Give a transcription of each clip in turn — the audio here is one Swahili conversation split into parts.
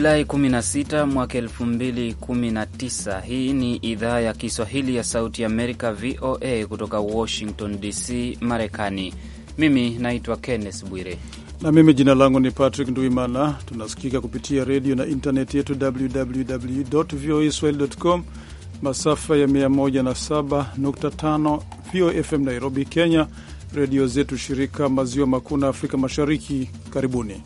Julai 16 mwaka 2019. Hii ni idhaa ya Kiswahili ya Sauti Amerika, VOA, kutoka Washington DC, Marekani. Mimi naitwa Kenneth Bwire na mimi jina langu ni Patrick Nduimana. Tunasikika kupitia redio na intaneti yetu www voa swahili com, masafa ya 107.5 VOA FM Nairobi, Kenya, redio zetu shirika maziwa makuu na Afrika Mashariki. Karibuni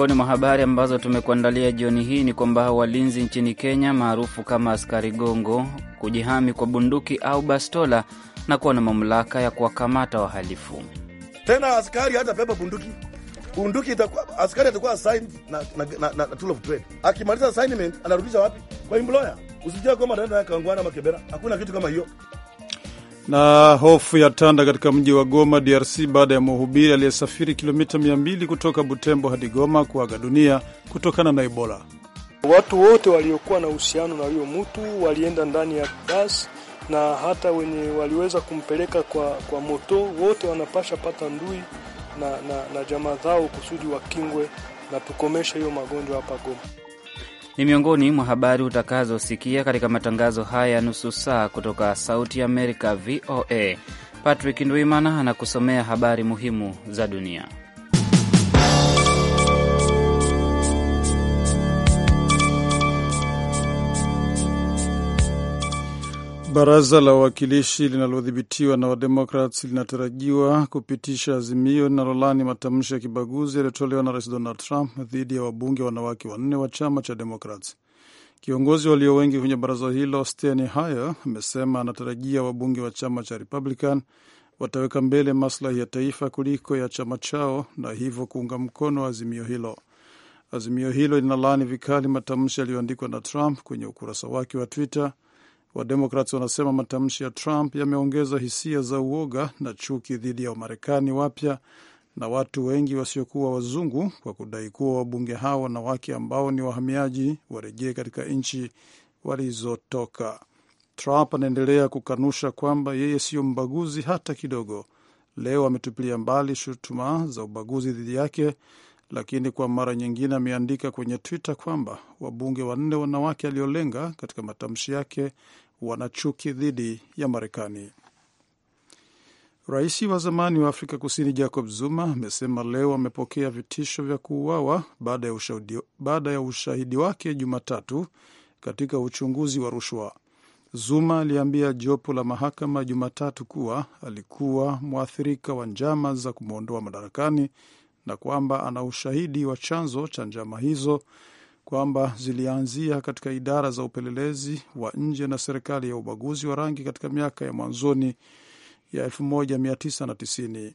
miongoni mwa habari ambazo tumekuandalia jioni hii ni kwamba walinzi nchini Kenya maarufu kama askari gongo kujihami kwa bunduki au bastola na kuwa na mamlaka ya kuwakamata wahalifu. Tena askari hata beba bunduki bunduki, askari atakuwa assigned na, na, na, na tool of trade. Akimaliza assignment anarudisha wapi? Kwa employer. Usijue kwamba anaenda kangwana makebera, hakuna kitu kama hiyo. Na hofu ya tanda katika mji wa Goma, DRC, baada ya mhubiri aliyesafiri kilomita 200 kutoka Butembo hadi Goma kuaga dunia kutokana na Ebola. Watu wote waliokuwa na uhusiano na huyo mtu walienda ndani ya basi na hata wenye waliweza kumpeleka kwa, kwa moto wote wanapasha pata ndui na, na, na jamaa zao kusudi wakingwe na tukomeshe hiyo magonjwa hapa Goma ni miongoni mwa habari utakazosikia katika matangazo haya ya nusu saa kutoka Sauti ya Amerika, VOA. Patrick Ndwimana anakusomea habari muhimu za dunia. Baraza la Wawakilishi linalodhibitiwa na wademokrat linatarajiwa kupitisha azimio linalolani matamshi ya kibaguzi yaliyotolewa na Rais Donald Trump dhidi ya wabunge wanawake wanne wa chama cha Demokrats. Kiongozi walio wengi kwenye baraza hilo Steny Hoyer amesema anatarajia wabunge wa chama cha Republican wataweka mbele maslahi ya taifa kuliko ya chama chao na hivyo kuunga mkono azimio hilo. Azimio hilo linalaani vikali matamshi yaliyoandikwa na Trump kwenye ukurasa wake wa Twitter Wademokrats wanasema matamshi ya Trump yameongeza hisia za uoga na chuki dhidi ya Wamarekani wapya na watu wengi wasiokuwa wazungu kwa kudai kuwa wabunge hao wanawake ambao ni wahamiaji warejee katika nchi walizotoka. Trump anaendelea kukanusha kwamba yeye siyo mbaguzi hata kidogo. Leo ametupilia mbali shutuma za ubaguzi dhidi yake lakini kwa mara nyingine ameandika kwenye Twitter kwamba wabunge wanne wanawake aliolenga katika matamshi yake wana chuki dhidi ya Marekani. Rais wa zamani wa Afrika Kusini Jacob Zuma amesema leo amepokea vitisho vya kuuawa baada ya ushahidi, baada ya ushahidi wake Jumatatu katika uchunguzi wa rushwa. Zuma aliambia jopo la mahakama Jumatatu kuwa alikuwa mwathirika wa njama za kumwondoa madarakani na kwamba ana ushahidi wa chanzo cha njama hizo kwamba zilianzia katika idara za upelelezi wa nje na serikali ya ubaguzi wa rangi katika miaka ya mwanzoni ya 1990.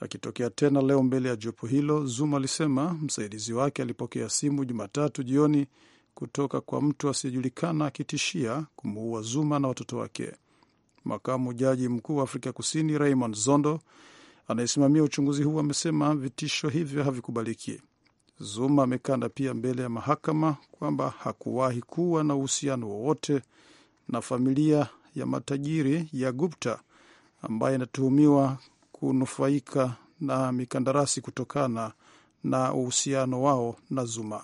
Akitokea tena leo mbele ya jopo hilo, Zuma alisema msaidizi wake alipokea simu Jumatatu jioni kutoka kwa mtu asiyejulikana akitishia kumuua Zuma na watoto wake. Makamu jaji mkuu wa Afrika Kusini Raymond Zondo anayesimamia uchunguzi huu amesema vitisho hivyo havikubaliki. Zuma amekanda pia mbele ya mahakama kwamba hakuwahi kuwa na uhusiano wowote na familia ya matajiri ya Gupta ambaye inatuhumiwa kunufaika na mikandarasi kutokana na uhusiano wao na Zuma.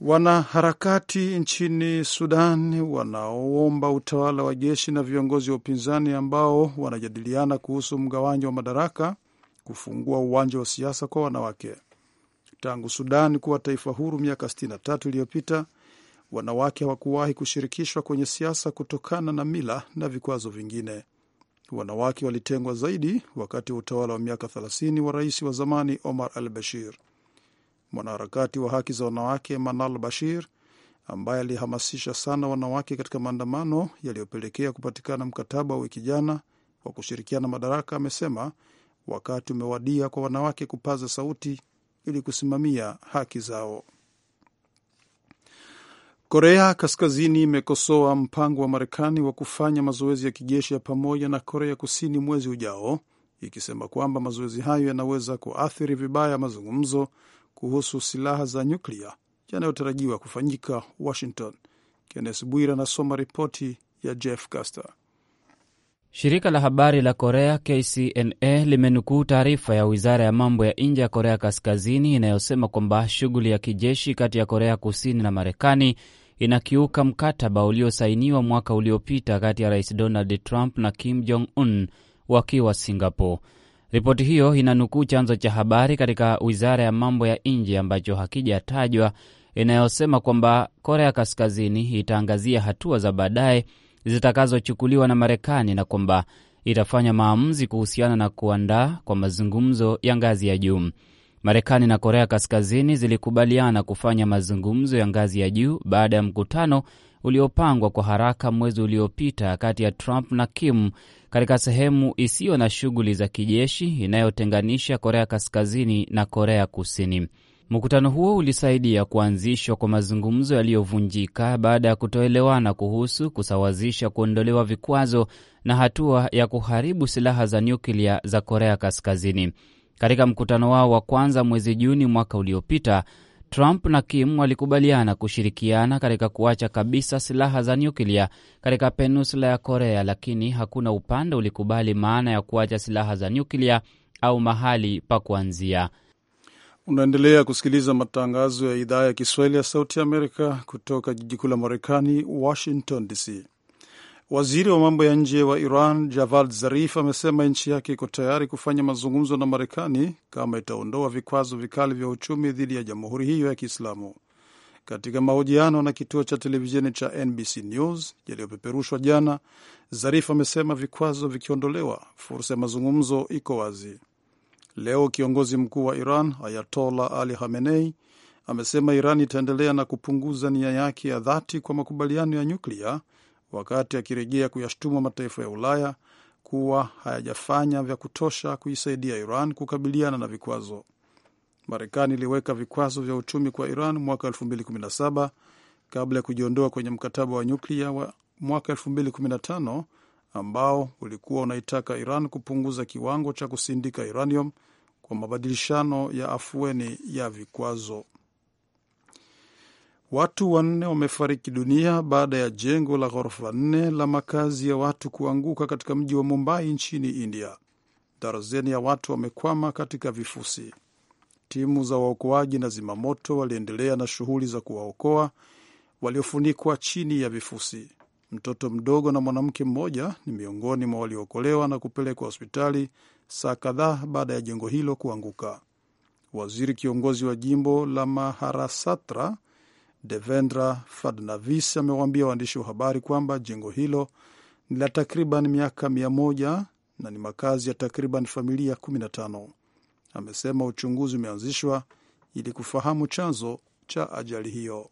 Wanaharakati nchini Sudan wanaoomba utawala wa jeshi na viongozi wa upinzani ambao wanajadiliana kuhusu mgawanyo wa madaraka kufungua uwanja wa siasa kwa wanawake. Tangu Sudan kuwa taifa huru miaka 63 iliyopita, wanawake hawakuwahi kushirikishwa kwenye siasa kutokana na mila na vikwazo vingine. Wanawake walitengwa zaidi wakati wa utawala wa miaka 30 wa rais wa zamani Omar al Bashir mwanaharakati wa haki za wanawake Manal Bashir ambaye alihamasisha sana wanawake katika maandamano yaliyopelekea kupatikana mkataba wa wiki jana wa kushirikiana madaraka, amesema wakati umewadia kwa wanawake kupaza sauti ili kusimamia haki zao. Korea Kaskazini imekosoa mpango wa Marekani wa kufanya mazoezi ya kijeshi ya pamoja na Korea Kusini mwezi ujao, ikisema kwamba mazoezi hayo yanaweza kuathiri vibaya mazungumzo kuhusu silaha za nyuklia yanayotarajiwa kufanyika Washington. Kennes Bwire anasoma ripoti ya Jeff Caster. Shirika la habari la Korea KCNA limenukuu taarifa ya wizara ya mambo ya nje ya Korea Kaskazini inayosema kwamba shughuli ya kijeshi kati ya Korea Kusini na Marekani inakiuka mkataba uliosainiwa mwaka uliopita kati ya Rais Donald Trump na Kim Jong Un wakiwa Singapore. Ripoti hiyo inanukuu chanzo cha habari katika wizara ya mambo ya nje ambacho hakijatajwa, inayosema kwamba Korea Kaskazini itaangazia hatua za baadaye zitakazochukuliwa na Marekani na kwamba itafanya maamuzi kuhusiana na kuandaa kwa mazungumzo ya ngazi ya juu. Marekani na Korea Kaskazini zilikubaliana kufanya mazungumzo ya ngazi ya juu baada ya mkutano uliopangwa kwa haraka mwezi uliopita kati ya Trump na Kim katika sehemu isiyo na shughuli za kijeshi inayotenganisha Korea Kaskazini na Korea Kusini. Mkutano huo ulisaidia kuanzishwa kwa mazungumzo yaliyovunjika baada ya kutoelewana kuhusu kusawazisha kuondolewa vikwazo na hatua ya kuharibu silaha za nyuklia za Korea Kaskazini. Katika mkutano wao wa kwanza mwezi Juni mwaka uliopita Trump na Kim walikubaliana kushirikiana katika kuacha kabisa silaha za nyuklia katika peninsula ya Korea, lakini hakuna upande ulikubali maana ya kuacha silaha za nyuklia au mahali pa kuanzia. Unaendelea kusikiliza matangazo ya idhaa ya Kiswahili ya Sauti ya Amerika kutoka jiji kuu la Marekani, Washington DC. Waziri wa mambo ya nje wa Iran Javad Zarif amesema nchi yake iko tayari kufanya mazungumzo na Marekani kama itaondoa vikwazo vikali vya uchumi dhidi ya jamhuri hiyo ya Kiislamu. Katika mahojiano na kituo cha televisheni cha NBC News yaliyopeperushwa jana, Zarif amesema vikwazo vikiondolewa, fursa ya mazungumzo iko wazi. Leo kiongozi mkuu wa Iran Ayatola Ali Khamenei amesema Iran itaendelea na kupunguza nia yake ya dhati kwa makubaliano ya nyuklia wakati akirejea kuyashtuma mataifa ya Ulaya kuwa hayajafanya vya kutosha kuisaidia Iran kukabiliana na vikwazo. Marekani iliweka vikwazo vya uchumi kwa Iran mwaka 2017 kabla ya kujiondoa kwenye mkataba wa nyuklia wa mwaka 2015 ambao ulikuwa unaitaka Iran kupunguza kiwango cha kusindika uranium kwa mabadilishano ya afueni ya vikwazo. Watu wanne wamefariki dunia baada ya jengo la ghorofa nne la makazi ya watu kuanguka katika mji wa Mumbai nchini India. Darazeni ya watu wamekwama katika vifusi. Timu za waokoaji na zimamoto waliendelea na shughuli za kuwaokoa waliofunikwa chini ya vifusi. Mtoto mdogo na mwanamke mmoja ni miongoni mwa waliookolewa na kupelekwa hospitali saa kadhaa baada ya jengo hilo kuanguka. Waziri kiongozi wa jimbo la Maharasatra Devendra Fadnavis amewaambia waandishi wa habari kwamba jengo hilo ni la takriban miaka mia moja na ni makazi ya takriban familia 15. Amesema uchunguzi umeanzishwa ili kufahamu chanzo cha ajali hiyo.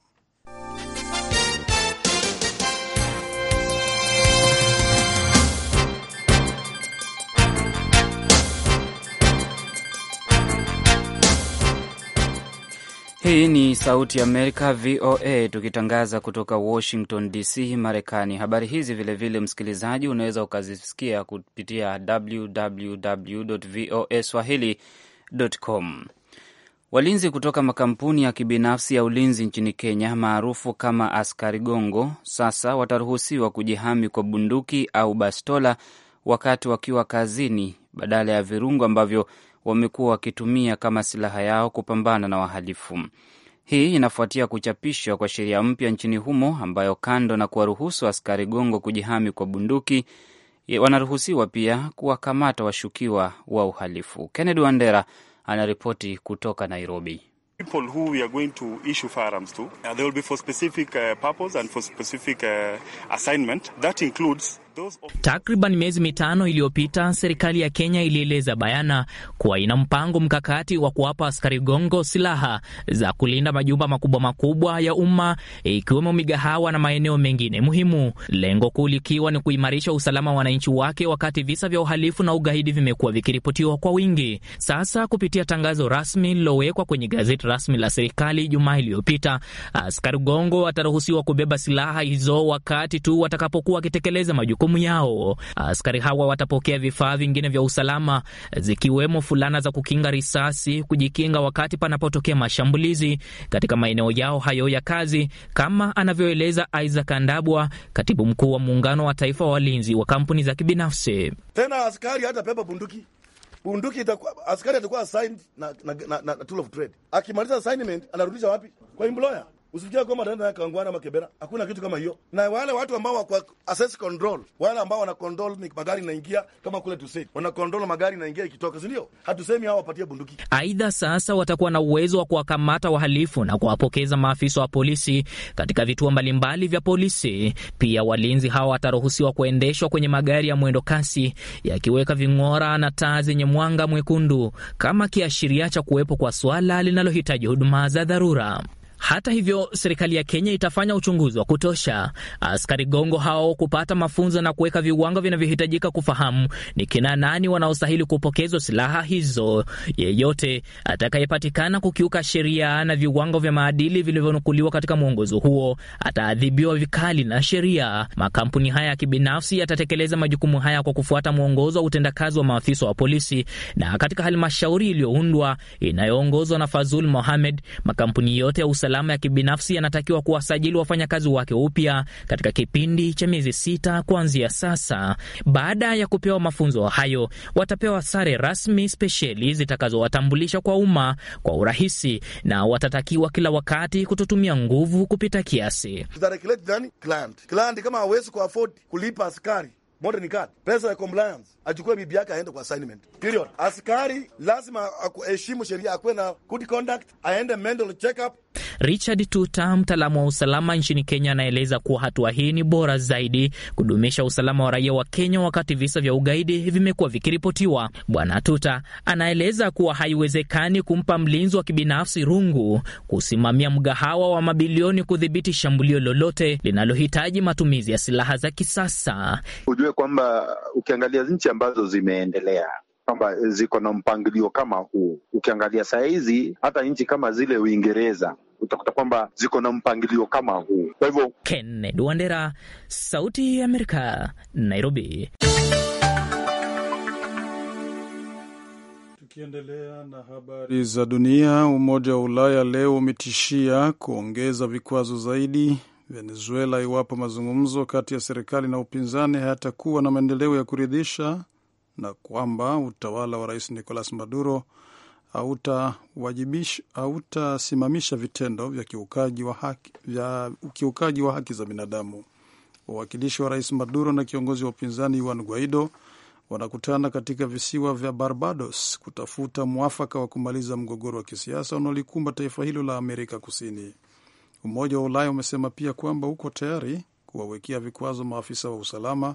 Hii ni Sauti ya Amerika, VOA, tukitangaza kutoka Washington DC, Marekani. Habari hizi vilevile vile, msikilizaji, unaweza ukazisikia kupitia www voa swahili.com. Walinzi kutoka makampuni ya kibinafsi ya ulinzi nchini Kenya maarufu kama askari gongo sasa wataruhusiwa kujihami kwa bunduki au bastola wakati wakiwa kazini badala ya virungu ambavyo wamekuwa wakitumia kama silaha yao kupambana na wahalifu. Hii inafuatia kuchapishwa kwa sheria mpya nchini humo ambayo kando na kuwaruhusu askari gongo kujihami kwa bunduki, wanaruhusiwa pia kuwakamata washukiwa wa uhalifu. Kennedy Wandera anaripoti kutoka Nairobi. Takriban miezi mitano iliyopita, serikali ya Kenya ilieleza bayana kuwa ina mpango mkakati wa kuwapa askari gongo silaha za kulinda majumba makubwa makubwa ya umma ikiwemo migahawa na maeneo mengine muhimu, lengo kuu likiwa ni kuimarisha usalama wa wananchi wake wakati visa vya uhalifu na ugaidi vimekuwa vikiripotiwa kwa wingi. Sasa kupitia tangazo rasmi lilowekwa kwenye gazeti rasmi la serikali Jumaa iliyopita, askari gongo wataruhusiwa kubeba silaha hizo wakati tu watakapokuwa wakitekeleza majukumu majukumu yao. Ah, askari hawa watapokea vifaa vingine vya usalama zikiwemo fulana za kukinga risasi, kujikinga wakati panapotokea mashambulizi katika maeneo yao hayo ya kazi, kama anavyoeleza Isaac Andabwa, katibu mkuu wa muungano wa taifa wa walinzi wa kampuni za kibinafsi. Tena askari hata bunduki bunduki itakuwa askari atakuwa assigned na, na, na, na tool of trade. Akimaliza assignment anarudisha wapi? Kwa employer. Usifikirie kwamba naenda Kawangware ama Makebera hakuna kitu kama hiyo. Na wale watu ambao wako access control, wale ambao wana control ni magari inaingia, kama kule tu sisi. wana control magari inaingia ikitoka, si ndio? Hatusemi hao wapatie bunduki. Aidha, sasa watakuwa na uwezo wa kuwakamata wahalifu na kuwapokeza maafisa wa polisi katika vituo mbalimbali vya polisi. Pia walinzi hao wataruhusiwa kuendeshwa kwenye magari ya mwendo kasi yakiweka ving'ora na taa zenye mwanga mwekundu kama kiashiria cha kuwepo kwa swala linalohitaji huduma za dharura. Hata hivyo, serikali ya Kenya itafanya uchunguzi wa kutosha askari gongo hao kupata mafunzo na kuweka viwango vinavyohitajika kufahamu ni kina nani wanaostahili kupokezwa silaha hizo. Yeyote atakayepatikana kukiuka sheria na viwango vya maadili vilivyonukuliwa katika mwongozo huo ataadhibiwa vikali na sheria. Makampuni haya ya kibinafsi yatatekeleza majukumu haya kwa kufuata mwongozo wa utendakazi wa maafisa wa polisi. Na katika halmashauri iliyoundwa inayoongozwa na Fazul Mohamed, makampuni yote ya usalama ya kibinafsi anatakiwa kuwasajili wafanyakazi wake upya katika kipindi cha miezi sita kuanzia sasa. Baada ya kupewa mafunzo hayo, watapewa sare rasmi spesheli zitakazowatambulisha kwa umma kwa urahisi, na watatakiwa kila wakati kutotumia nguvu kupita kiasi. kama hawezi kuafford kulipa askari modern card, pesa ya compliance, achukue bibi yake aende kwa assignment period. Askari lazima aheshimu sheria, akuwe na good conduct, aende mental check up. Richard Tuta, mtaalamu wa usalama nchini Kenya, anaeleza kuwa hatua hii ni bora zaidi kudumisha usalama wa raia wa Kenya wakati visa vya ugaidi vimekuwa vikiripotiwa. Bwana Tuta anaeleza kuwa haiwezekani kumpa mlinzi wa kibinafsi rungu kusimamia mgahawa wa mabilioni kudhibiti shambulio lolote linalohitaji matumizi ya silaha za kisasa. Ujue kwamba ukiangalia nchi ambazo zimeendelea kwamba ziko na mpangilio kama huu. Ukiangalia saa hizi hata nchi kama zile Uingereza utakuta kwamba ziko na mpangilio kama huu. Kwa hivyo, Kennedy Wandera, Sauti ya Amerika, Nairobi. Tukiendelea na habari za dunia, Umoja wa Ulaya leo umetishia kuongeza vikwazo zaidi Venezuela iwapo mazungumzo kati ya serikali na upinzani hayatakuwa na maendeleo ya kuridhisha na kwamba utawala wa rais Nicolas Maduro hautasimamisha vitendo vya ukiukaji wa haki, vya ukiukaji wa haki za binadamu. Wawakilishi wa rais Maduro na kiongozi wa upinzani Juan Guaido wanakutana katika visiwa vya Barbados kutafuta mwafaka wa kumaliza mgogoro wa kisiasa unaolikumba taifa hilo la Amerika Kusini. Umoja wa Ulaya umesema pia kwamba uko tayari kuwawekea vikwazo maafisa wa usalama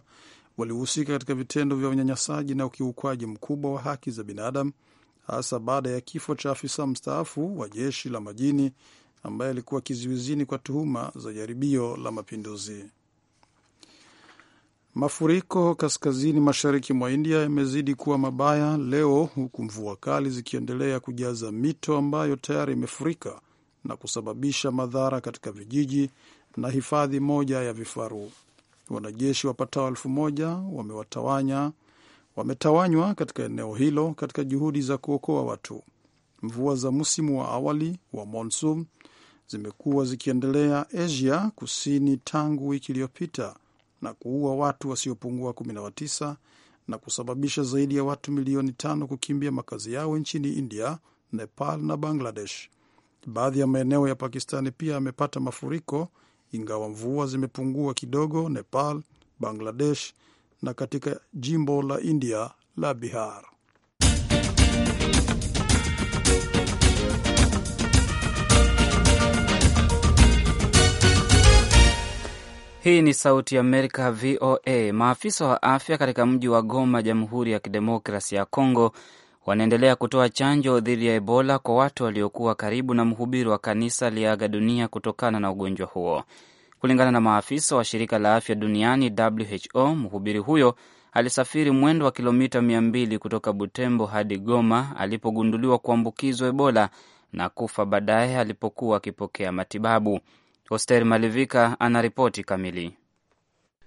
walihusika katika vitendo vya unyanyasaji na ukiukwaji mkubwa wa haki za binadamu, hasa baada ya kifo cha afisa mstaafu wa jeshi la majini ambaye alikuwa kizuizini kwa tuhuma za jaribio la mapinduzi. Mafuriko kaskazini mashariki mwa India yamezidi kuwa mabaya leo, huku mvua kali zikiendelea kujaza mito ambayo tayari imefurika na kusababisha madhara katika vijiji na hifadhi moja ya vifaru wanajeshi wapatao elfu moja wamewatawanya wametawanywa katika eneo hilo katika juhudi za kuokoa watu. Mvua za msimu wa awali wa monsoon zimekuwa zikiendelea Asia kusini tangu wiki iliyopita na kuua watu wasiopungua 19 na kusababisha zaidi ya watu milioni tano kukimbia makazi yao nchini India, Nepal na Bangladesh. Baadhi ya maeneo ya Pakistani pia yamepata mafuriko ingawa mvua zimepungua kidogo Nepal, Bangladesh na katika jimbo la India la Bihar. Hii ni Sauti ya Amerika, VOA. Maafisa wa afya katika mji wa Goma, Jamhuri ya Kidemokrasi ya Kongo wanaendelea kutoa chanjo dhidi ya Ebola kwa watu waliokuwa karibu na mhubiri wa kanisa aliyeaga dunia kutokana na ugonjwa huo. Kulingana na maafisa wa shirika la afya duniani WHO, mhubiri huyo alisafiri mwendo wa kilomita 200 kutoka Butembo hadi Goma alipogunduliwa kuambukizwa Ebola na kufa baadaye alipokuwa akipokea matibabu. Oster Malivika anaripoti kamili.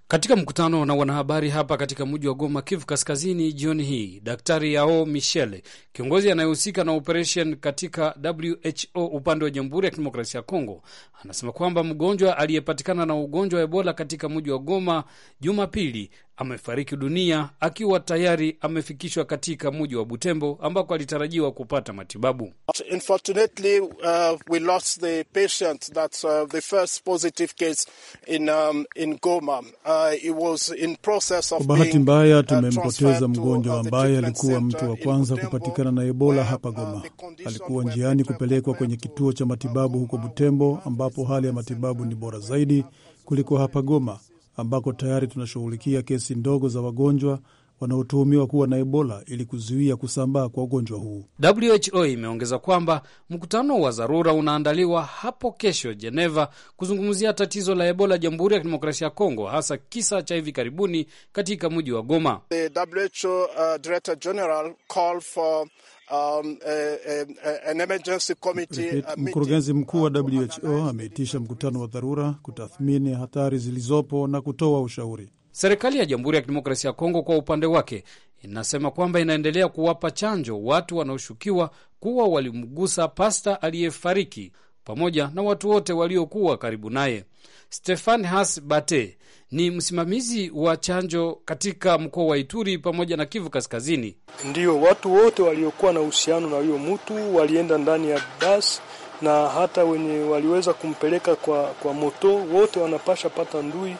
Katika mkutano na wanahabari hapa katika mji wa Goma, Kivu Kaskazini, jioni hii, Daktari Yao Michel, kiongozi anayehusika na operation katika WHO upande wa Jamhuri ya Kidemokrasia ya Kongo, anasema kwamba mgonjwa aliyepatikana na ugonjwa wa Ebola katika mji wa Goma Jumapili amefariki dunia akiwa tayari amefikishwa katika mji wa Butembo ambako alitarajiwa kupata matibabu. Unfortunately, uh, we lost the patient uh, the first positive case in, um, in Goma. Uh, it was in process of kwa bahati mbaya uh, tumempoteza mgonjwa uh, ambaye alikuwa mtu wa kwanza kupatikana na Ebola hapa uh, Goma. Alikuwa njiani kupelekwa kwenye kituo cha matibabu huko Butembo ambapo hali ya matibabu ni bora zaidi kuliko hapa Goma ambako tayari tunashughulikia kesi ndogo za wagonjwa wanaotuhumiwa kuwa na Ebola ili kuzuia kusambaa kwa ugonjwa huu. WHO imeongeza kwamba mkutano wa dharura unaandaliwa hapo kesho Jeneva kuzungumzia tatizo la Ebola Jamhuri ya Kidemokrasia ya Kongo, hasa kisa cha hivi karibuni katika mji wa Goma. The WHO, uh, Director General call for Um, mkurugenzi mkuu wa uh, WHO ameitisha mkutano wa dharura kutathmini hatari zilizopo na kutoa ushauri. Serikali ya Jamhuri ya Kidemokrasia ya Kongo kwa upande wake inasema kwamba inaendelea kuwapa chanjo watu wanaoshukiwa kuwa walimgusa pasta aliyefariki pamoja na watu wote waliokuwa karibu naye. Stefan Has Bate ni msimamizi wa chanjo katika mkoa wa Ituri pamoja na Kivu Kaskazini. Ndiyo watu wote waliokuwa na uhusiano na huyo mtu walienda ndani ya basi na hata wenye waliweza kumpeleka kwa, kwa moto wote wanapasha pata ndui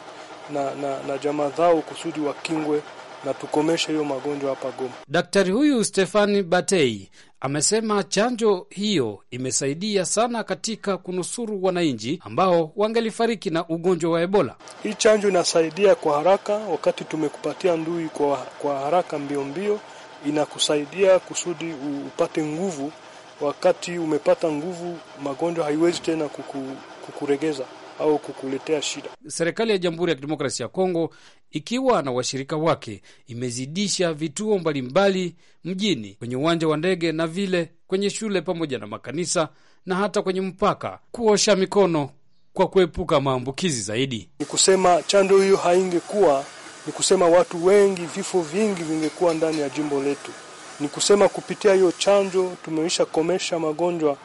na, na, na jamaa zao kusudi wakingwe na tukomeshe hiyo magonjwa hapa Goma. Daktari huyu Stefani Batei amesema chanjo hiyo imesaidia sana katika kunusuru wananchi ambao wangelifariki na ugonjwa wa Ebola. Hii chanjo inasaidia kwa haraka, wakati tumekupatia ndui kwa, kwa haraka mbio mbio, inakusaidia kusudi upate nguvu. Wakati umepata nguvu, magonjwa haiwezi tena kuku, kukuregeza au kukuletea shida. Serikali ya Jamhuri ya Kidemokrasia ya Kongo ikiwa na washirika wake imezidisha vituo mbalimbali mjini, kwenye uwanja wa ndege na vile kwenye shule pamoja na makanisa na hata kwenye mpaka kuosha mikono kwa kuepuka maambukizi zaidi. Ni kusema chanjo hiyo haingekuwa, ni kusema watu wengi, vifo vingi vingekuwa ndani ya jimbo letu. Ni kusema kupitia hiyo chanjo tumeisha komesha magonjwa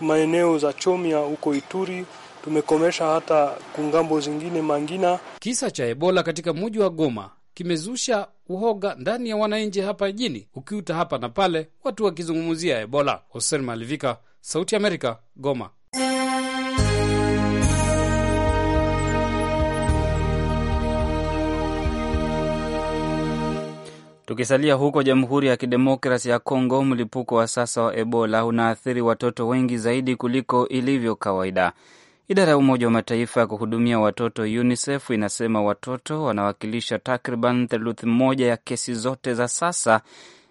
maeneo za Chomia huko Ituri tumekomesha hata kungambo zingine mangina. Kisa cha Ebola katika muji wa Goma kimezusha uhoga ndani ya wananchi hapa jijini, ukiuta hapa na pale watu wakizungumzia Ebola. Hosen Malivika, Sauti Amerika, Goma. Tukisalia huko Jamhuri ya Kidemokrasi ya Kongo, mlipuko wa sasa wa Ebola unaathiri watoto wengi zaidi kuliko ilivyo kawaida. Idara ya Umoja wa Mataifa ya kuhudumia watoto UNICEF inasema watoto wanawakilisha takriban theluthi moja ya kesi zote za sasa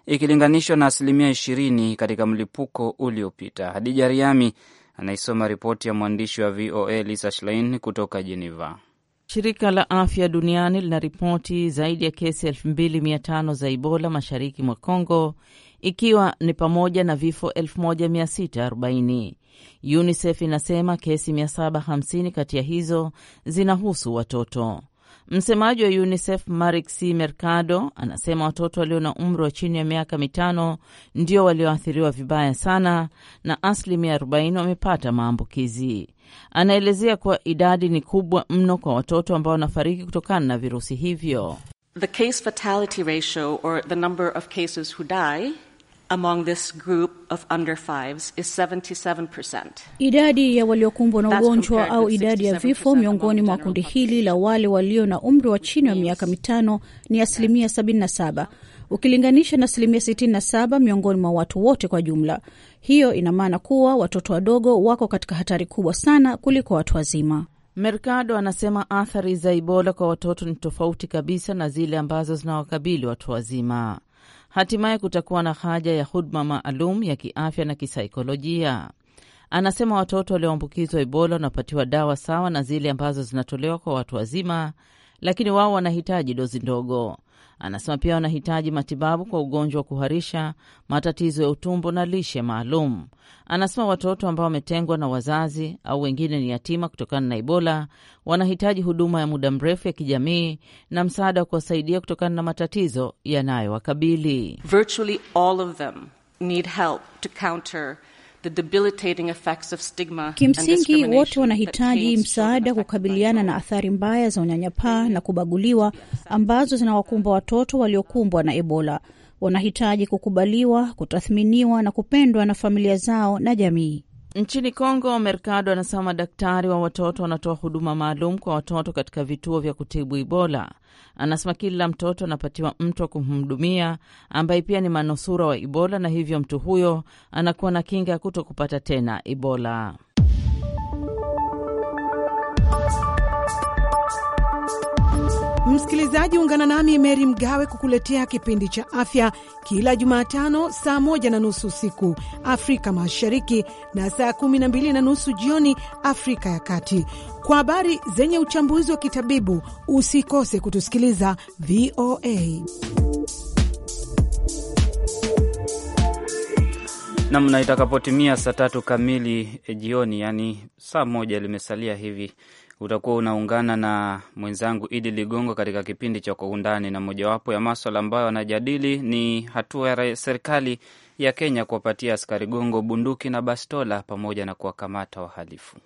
ikilinganishwa na asilimia ishirini katika mlipuko uliopita. Hadija Riami anaisoma ripoti ya mwandishi wa VOA Lisa Schlein kutoka Jeneva. Shirika la Afya Duniani lina ripoti zaidi ya kesi 2500 za Ebola mashariki mwa congo ikiwa ni pamoja na vifo 1640. UNICEF inasema kesi 750 kati ya hizo zinahusu watoto. Msemaji wa UNICEF Marik C. Mercado anasema watoto walio na umri wa chini ya miaka mitano ndio walioathiriwa vibaya sana na asilimia 40 wamepata maambukizi. Anaelezea kuwa idadi ni kubwa mno kwa watoto ambao wanafariki kutokana na virusi hivyo. The case fatality ratio or the number of cases who die among this group of under fives is 77%. Idadi ya waliokumbwa na ugonjwa au idadi ya vifo miongoni mwa kundi hili la wale walio na umri wa chini wa miaka mitano ni asilimia 77 ukilinganisha na asilimia 67 miongoni mwa watu wote kwa jumla. Hiyo ina maana kuwa watoto wadogo wako katika hatari kubwa sana kuliko watu wazima. Mercado anasema athari za Ebola kwa watoto ni tofauti kabisa na zile ambazo zinawakabili watu wazima hatimaye kutakuwa na haja ya huduma maalum ya kiafya na kisaikolojia. Anasema watoto walioambukizwa Ebola wanapatiwa dawa sawa na zile ambazo zinatolewa kwa watu wazima, lakini wao wanahitaji dozi ndogo. Anasema pia wanahitaji matibabu kwa ugonjwa wa kuharisha, matatizo ya utumbo na lishe maalum. Anasema watoto ambao wametengwa na wazazi au wengine ni yatima kutokana na Ebola wanahitaji huduma ya muda mrefu ya kijamii na msaada wa kuwasaidia kutokana na matatizo yanayowakabili. Kimsingi wote wanahitaji msaada kukabiliana na athari mbaya za unyanyapaa na kubaguliwa ambazo zinawakumba watoto waliokumbwa na Ebola. Wanahitaji kukubaliwa, kutathminiwa na kupendwa na familia zao na jamii. Nchini Kongo, Mercado anasema madaktari wa watoto wanatoa huduma maalum kwa watoto katika vituo vya kutibu Ibola. Anasema kila mtoto anapatiwa mtu wa kumhudumia ambaye pia ni manusura wa Ibola, na hivyo mtu huyo anakuwa na kinga ya kuto kupata tena Ibola. Msikilizaji, ungana nami Meri Mgawe kukuletea kipindi cha afya kila Jumatano saa moja na nusu usiku Afrika Mashariki na saa kumi na mbili na nusu jioni Afrika ya Kati kwa habari zenye uchambuzi wa kitabibu. Usikose kutusikiliza VOA. Namna itakapotimia saa tatu kamili eh, jioni, yani saa moja limesalia hivi utakuwa unaungana na mwenzangu Idi Ligongo katika kipindi cha Kwa Undani, na mojawapo ya maswala ambayo anajadili ni hatua ya serikali ya Kenya kuwapatia askari gongo bunduki na bastola pamoja na kuwakamata wahalifu.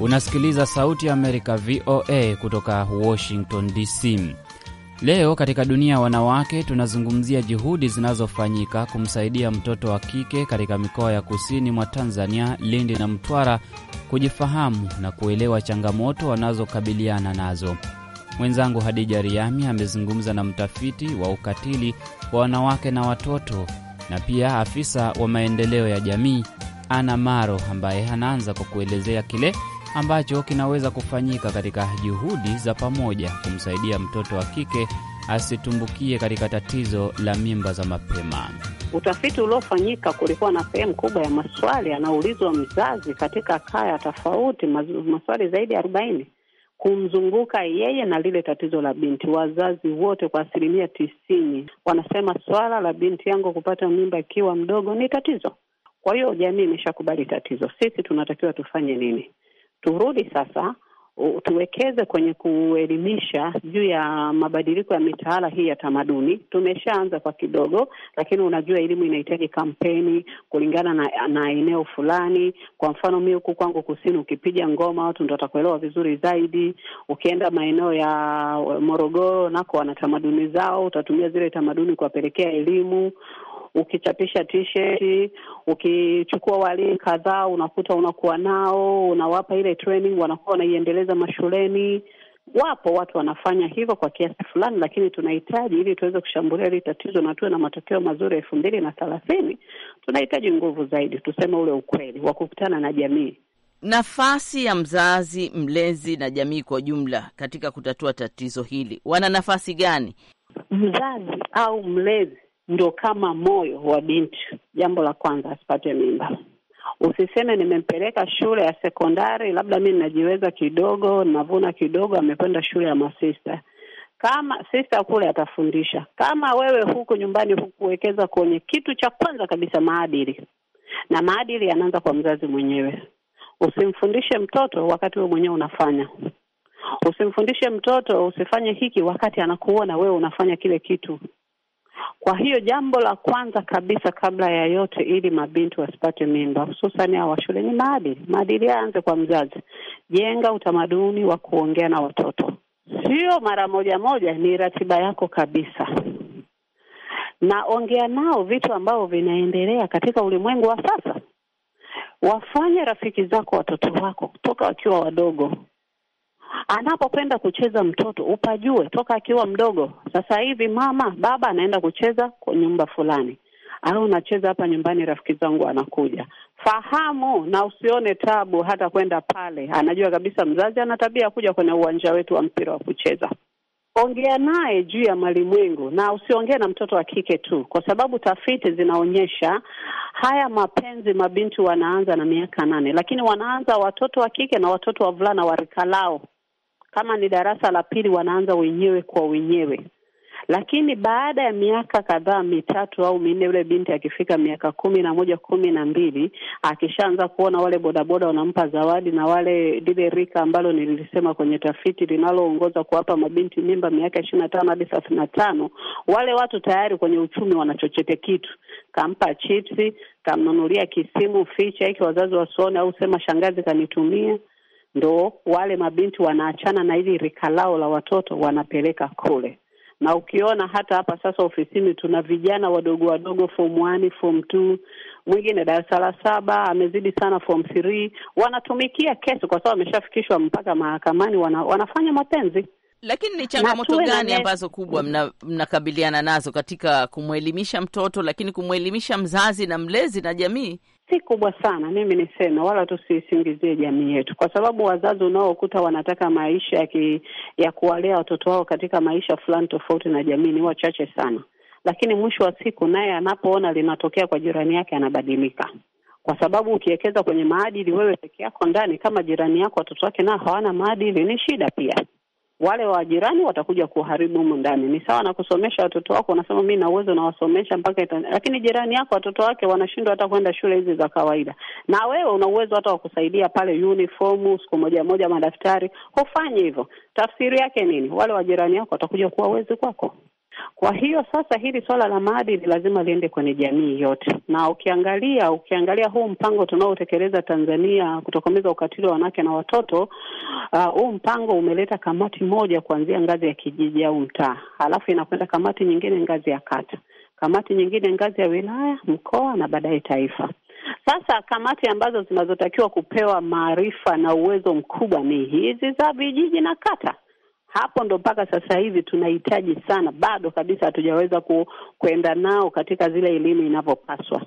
Unasikiliza Sauti ya Amerika, VOA, kutoka Washington DC. Leo katika dunia ya wanawake tunazungumzia juhudi zinazofanyika kumsaidia mtoto wa kike katika mikoa ya kusini mwa Tanzania, Lindi na Mtwara kujifahamu na kuelewa changamoto wanazokabiliana nazo. Mwenzangu Hadija Riami amezungumza na mtafiti wa ukatili wa wanawake na watoto na pia afisa wa maendeleo ya jamii Ana Maro ambaye anaanza kwa kuelezea kile ambacho kinaweza kufanyika katika juhudi za pamoja kumsaidia mtoto wa kike asitumbukie katika tatizo la mimba za mapema. Utafiti uliofanyika, kulikuwa na sehemu kubwa ya maswali yanaulizwa mzazi katika kaya tofauti, maswali zaidi ya arobaini kumzunguka yeye na lile tatizo la binti. Wazazi wote kwa asilimia tisini wanasema swala la binti yangu kupata mimba ikiwa mdogo ni tatizo. Kwa hiyo jamii imeshakubali tatizo, sisi tunatakiwa tufanye nini? turudi sasa tuwekeze kwenye kuelimisha juu ya mabadiliko ya mitaala hii ya tamaduni. Tumeshaanza kwa kidogo, lakini unajua elimu inahitaji kampeni kulingana na, na eneo fulani. Kwa mfano mi huku kwangu kusini, ukipiga ngoma watu ndo watakuelewa vizuri zaidi. Ukienda maeneo ya Morogoro nako wana tamaduni zao, utatumia zile tamaduni kuwapelekea elimu ukichapisha t-shirt, ukichukua wale kadhaa unakuta unakuwa nao, unawapa ile training, wanakuwa wanaiendeleza mashuleni. Wapo watu wanafanya hivyo kwa kiasi fulani, lakini tunahitaji ili tuweze kushambulia hili tatizo na tuwe na matokeo mazuri elfu mbili na thelathini, tunahitaji nguvu zaidi, tuseme ule ukweli wa kukutana na jamii. Nafasi ya mzazi, mlezi na jamii kwa jumla katika kutatua tatizo hili, wana nafasi gani? Mzazi au mlezi ndo kama moyo wa binti. Jambo la kwanza, asipate mimba. Usiseme nimempeleka shule ya sekondari, labda mi ninajiweza kidogo, navuna kidogo, amekwenda shule ya masista. Kama sista kule atafundisha, kama wewe huko nyumbani hukuwekeza kwenye kitu cha kwanza kabisa, maadili, na maadili yanaanza kwa mzazi mwenyewe. Usimfundishe mtoto wakati wewe mwenyewe unafanya usimfundishe mtoto usifanye hiki wakati anakuona wewe unafanya kile kitu. Kwa hiyo jambo la kwanza kabisa, kabla ya yote, ili mabinti wasipate mimba, hususani hawa shule, ni maadili. Maadili yaanze kwa mzazi. Jenga utamaduni wa kuongea na watoto, sio mara moja moja, ni ratiba yako kabisa na ongea nao vitu ambavyo vinaendelea katika ulimwengu wa sasa. Wafanye rafiki zako watoto wako toka wakiwa wadogo, anapokwenda kucheza mtoto, upajue toka akiwa mdogo. Sasa hivi mama baba anaenda kucheza kwa nyumba fulani, au nacheza hapa nyumbani, rafiki zangu anakuja. Fahamu na usione tabu hata kwenda pale. Anajua kabisa mzazi ana tabia ya kuja kwenye uwanja wetu wa mpira wa kucheza. Ongea naye juu ya malimwengu, na usiongee na mtoto wa kike tu, kwa sababu tafiti zinaonyesha haya mapenzi mabinti wanaanza na miaka nane, lakini wanaanza watoto wa kike na watoto wa vulana wa rika lao. Kama ni darasa la pili, wanaanza wenyewe kwa wenyewe. Lakini baada ya miaka kadhaa mitatu au minne, yule binti akifika miaka kumi na moja kumi na mbili akishaanza kuona wale bodaboda wanampa zawadi na wale lile rika ambalo nilisema kwenye tafiti linaloongoza kuwapa mabinti mimba miaka ishirini na tano hadi thelathini na tano wale watu tayari kwenye uchumi wanachochete kitu, kampa chipsi, kamnunulia kisimu, ficha iki wazazi wasione, au sema shangazi kanitumia ndo wale mabinti wanaachana na hili rika lao la watoto wanapeleka kule. Na ukiona hata hapa sasa ofisini tuna vijana wadogo wadogo, form one, form two, mwingine darasa la saba amezidi sana form three, wanatumikia kesi kwa sababu wameshafikishwa mpaka mahakamani, wana, wanafanya mapenzi. Lakini ni changamoto gani ambazo kubwa mnakabiliana mna nazo katika kumwelimisha mtoto, lakini kumwelimisha mzazi na mlezi na jamii si kubwa sana, mimi niseme, wala tusiisingizie jamii yetu, kwa sababu wazazi unaokuta wanataka maisha ya, ki, ya kuwalea watoto wao katika maisha fulani tofauti na jamii ni wachache sana, lakini mwisho wa siku naye anapoona linatokea kwa jirani yake anabadilika kwa sababu ukiwekeza kwenye maadili wewe peke yako ndani, kama jirani yako watoto wake nao hawana maadili, ni shida pia wale wajirani watakuja kuharibu humu ndani. Ni sawa na kusomesha watoto wako, unasema mi na uwezo nawasomesha mpaka itani. lakini jirani yako watoto wake wanashindwa hata kwenda shule hizi za kawaida, na wewe una uwezo hata wa kusaidia pale unifomu siku moja moja, madaftari, hufanye hivyo. Tafsiri yake nini? Wale wajirani yako watakuja kuwa wezi kwako. Kwa hiyo sasa hili swala la maadili lazima liende kwenye jamii yote, na ukiangalia ukiangalia huu mpango tunaotekeleza Tanzania kutokomeza ukatili wa wanawake na watoto uh, huu mpango umeleta kamati moja kuanzia ngazi ya kijiji au mtaa, alafu inakwenda kamati nyingine ngazi ya kata, kamati nyingine ngazi ya wilaya, mkoa na baadaye taifa. Sasa kamati ambazo zinazotakiwa kupewa maarifa na uwezo mkubwa ni hizi za vijiji na kata hapo ndo mpaka sasa hivi tunahitaji sana, bado kabisa hatujaweza ku, kuenda nao katika zile elimu inavyopaswa.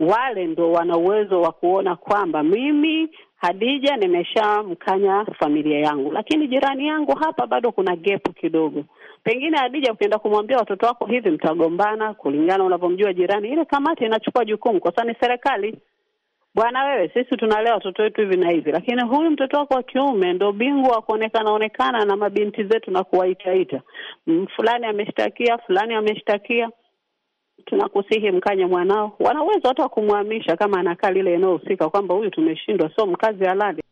Wale ndo wana uwezo wa kuona kwamba mimi Hadija nimeshamkanya familia yangu, lakini jirani yangu hapa bado kuna gepu kidogo. Pengine Hadija, ukienda kumwambia watoto wako hivi, mtagombana kulingana unavyomjua jirani. Ile kamati inachukua jukumu kwa sababu ni serikali bwana wewe, sisi tunalea watoto wetu hivi na hivi, lakini huyu mtoto wako wa kiume ndo bingwa wa kuonekana onekana na mabinti zetu na kuwaitaita mm, fulani ameshtakia, fulani ameshtakia. Tunakusihi mkanye mwanao, wana uwezo hata kumhamisha kama anakaa lile eneo husika, kwamba huyu tumeshindwa, so mkazi halali.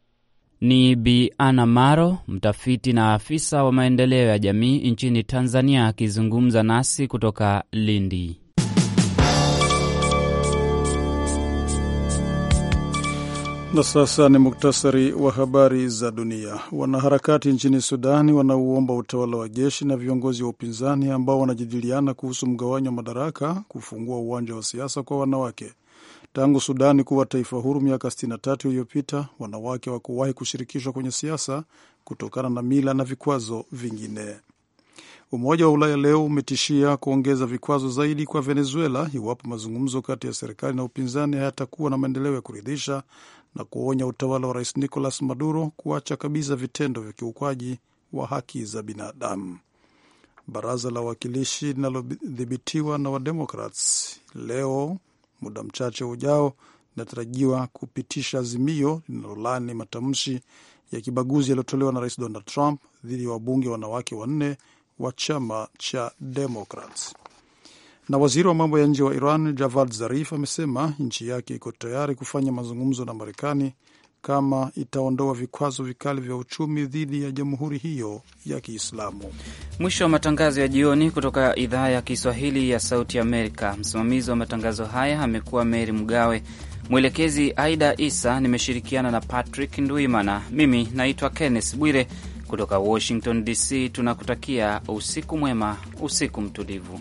Ni Bi Ana Maro, mtafiti na afisa wa maendeleo ya jamii nchini Tanzania, akizungumza nasi kutoka Lindi. Na sasa ni muktasari wa habari za dunia. Wanaharakati nchini Sudani wanauomba utawala wa jeshi na viongozi wa upinzani ambao wanajadiliana kuhusu mgawanyo wa madaraka kufungua uwanja wa siasa kwa wanawake. Tangu Sudani kuwa taifa huru miaka 63 iliyopita, wanawake hawakuwahi kushirikishwa kwenye siasa kutokana na mila na vikwazo vingine. Umoja wa Ulaya leo umetishia kuongeza vikwazo zaidi kwa Venezuela iwapo mazungumzo kati ya serikali na upinzani hayatakuwa na maendeleo ya kuridhisha na kuonya utawala wa Rais Nicolas Maduro kuacha kabisa vitendo vya kiukwaji wa haki za binadamu. Baraza la Wawakilishi linalodhibitiwa na Wademokrats leo muda mchache ujao linatarajiwa kupitisha azimio linalolani matamshi ya kibaguzi yaliyotolewa na Rais Donald Trump dhidi ya wabunge wanawake wanne wa chama cha Democrats na waziri wa mambo ya nje wa Iran Javad Zarif amesema nchi yake iko tayari kufanya mazungumzo na Marekani kama itaondoa vikwazo vikali vya uchumi dhidi ya jamhuri hiyo ya Kiislamu. Mwisho wa matangazo ya jioni kutoka idhaa ya Kiswahili ya Sauti Amerika. Msimamizi wa matangazo haya amekuwa Meri Mgawe, mwelekezi Aida Isa, nimeshirikiana na Patrick Ndwimana. Mimi naitwa Kenneth Bwire kutoka Washington DC. Tunakutakia usiku mwema, usiku mtulivu.